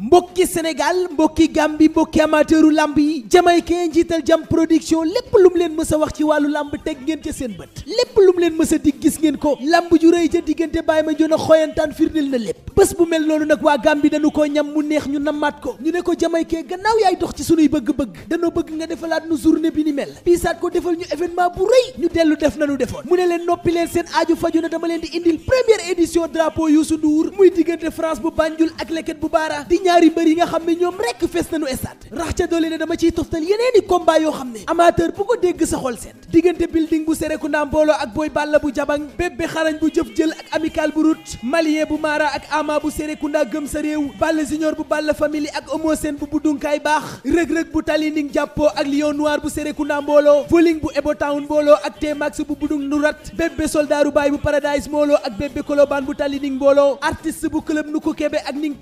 mbokki sénégal mbokki gambi mbokki amateuru lamb yi jamaykee njiital jam production lépp lum leen mës a wax ci wàllu lamb teg ngeen ca seen bët lépp lum leen mës a gis ngeen ko lamb ju rëy ca diggante bàyyi ma jon a xoyantaan firndeel na lépp bés bu mel noonu nag waa gambi dañu ko ñam mu neex ñu namaat ko ñu ne ko jamaykee gannaaw yaay dox ci sunuy bëgg-bëgg danoo bëgg nga defalaat nu journée bi ni mel piisaat ko defal ñu événement bu rëy ñu dellu def nanu defoon mu ne leen noppi leen seen aaju faju na dama leen di ñaari mbër yi nga xam ne ñoom rekk fees nañu stade rax ca doole ne dama ciy toftal yeneeni combat yoo xam ne amateur bu ko dégg sa xol seet diggante building bu Serekunda mbooloo ak Boy Balla bu jabang bébbe xarañ bu jëf jël ak amical bu rut malien bu maara ak ama bu Serekunda gëm sa réew Balla junior bu Balla family ak Homo Sène bu buddunkaay baax rëg-rëg bu tali ning jàppo ak lion noir bu Serekunda mbooloo voling bu Ebo Town mbooloo ak T-Max bu budung nurat bébbe soldaru baay bu paradise mbooloo ak bébbe kolobaan bu tali ning mbooloo artiste bu club nu ko kebe ak ning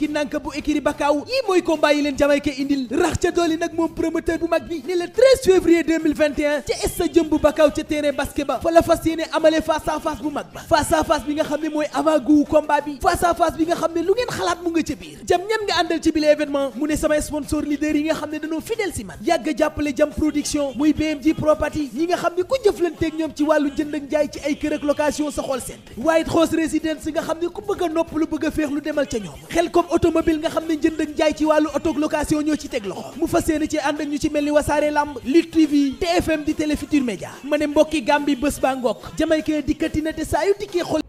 Pakaaw mooy combat yi leen Jamaïque indil rax ca dooli nag moom promoteur bu mag bi ni le 13 février 2021 ca stade Jëmbu Bakaaw ca terrain basket fa la fas amale face bu mag ba face bi nga xam ne mooy avant combat bi face bi nga xam ne lu ngeen xalaat mu nga ca biir jam ñan nga àndal ci bile événement mu ne samay sponsor leader yi nga xam ne dañoo fidèle si man yàgg jàppale jam production muy BMG property yi nga xam ne ku jëflanteeg ñoom ci a ñoom xel jënd ak jaay ci wàllu auto location ñoo ci teg loxo mu fas yéene ci ànd ñu ci mel ni wasaare lamb Lutte TV TFM di Télé Futurs Médias ma ne mbokki Gambie bés ba ngokk jamaykee dikkati na te saa yu dikkee xol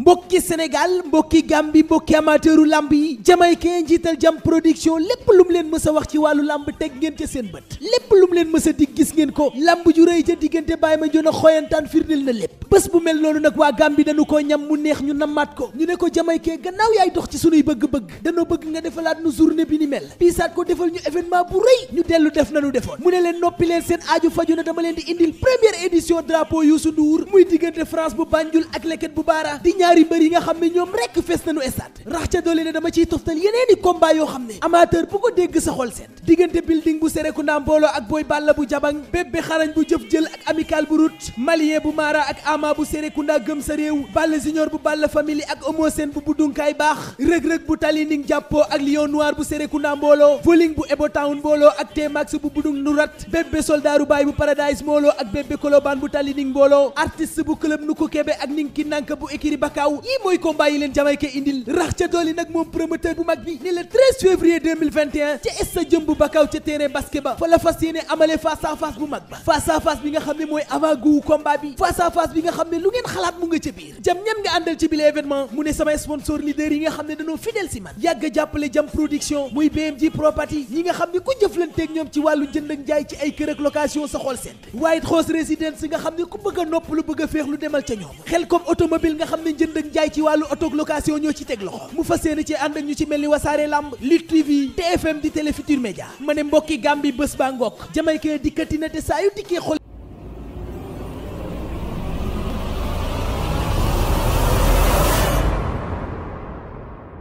mbokki Sénégal mbokki Gambie mbokki amateuru lamb yi jamaykee njiital jam production lépp lu leen mës a wax ci wàllu lamb teg ngeen ca seen bët lépp lu mu leen mës a gis ngeen ko lamb ju rëy ca diggante Baye Mandione xoyantaan firndeel na lépp bés bu mel noonu nag waa Gambie dañu ko ñam mu neex ñu namaat ko ñu ne ko jamaykee gannaaw yaay dox ci sunuy bëgg-bëgg danoo bëgg nga defalaat nu journée bi ni mel piisaat ko defal ñu événement bu rëy ñu dellu leen noppi leen seen aaju faju na ñaari mbër yi nga xam ne ñoom rekk fees nañu stade rax bu ko dégg sa xol seet diggante building bu Serekunda mbooloo ak Boy Balla bu jabang bébbe xarañ bu jëf jël ak amical bu rut malien bu maara ak ama bu Serekunda gëm sa réew Balla junior bu Balla family ak Homo bu buddunkaay baax rëg-rëg bu tali ning ak lion noir bu Serekunda mbooloo voling bu Ebo mbooloo ak T-Max bu budung nurat bébbe soldaaru baay bu paradise mbooloo ak bébbe kolobaan bu tali mbooloo artiste bu club nu kebe ak ning nank bu ékiri ba Bakaaw yi mooy combat yi leen Jamaïque indil rax ca dooli nag moom promoteur bu mag bi ni le 13 février 2021 ca stade Jëmbu Bakaaw ca terrain basket fa la fas yéene amale face à bu mag ba face à bi nga xam ne mooy avant goût combat bi face à bi nga xam ne lu ngeen xalaat mu nga ca biir jam ñan nga àndal ci bile événement mu ne samay sponsor leaders yi nga xam ne dañoo fidèle si man yàgg a jàppale jam production muy BMG property yi nga xam ne ku jëflanteeg ñoom jënd ak ci wàllu auto location ñoo ci teg loxo mu fas yéene ci ànd ak ñu ci mel ni wasaare lamb Lutte TV TFM di Télé Futurs ma ne mbokki Gambie bés ba ngokk jamaykee dikkati na te saa yu dikkee xol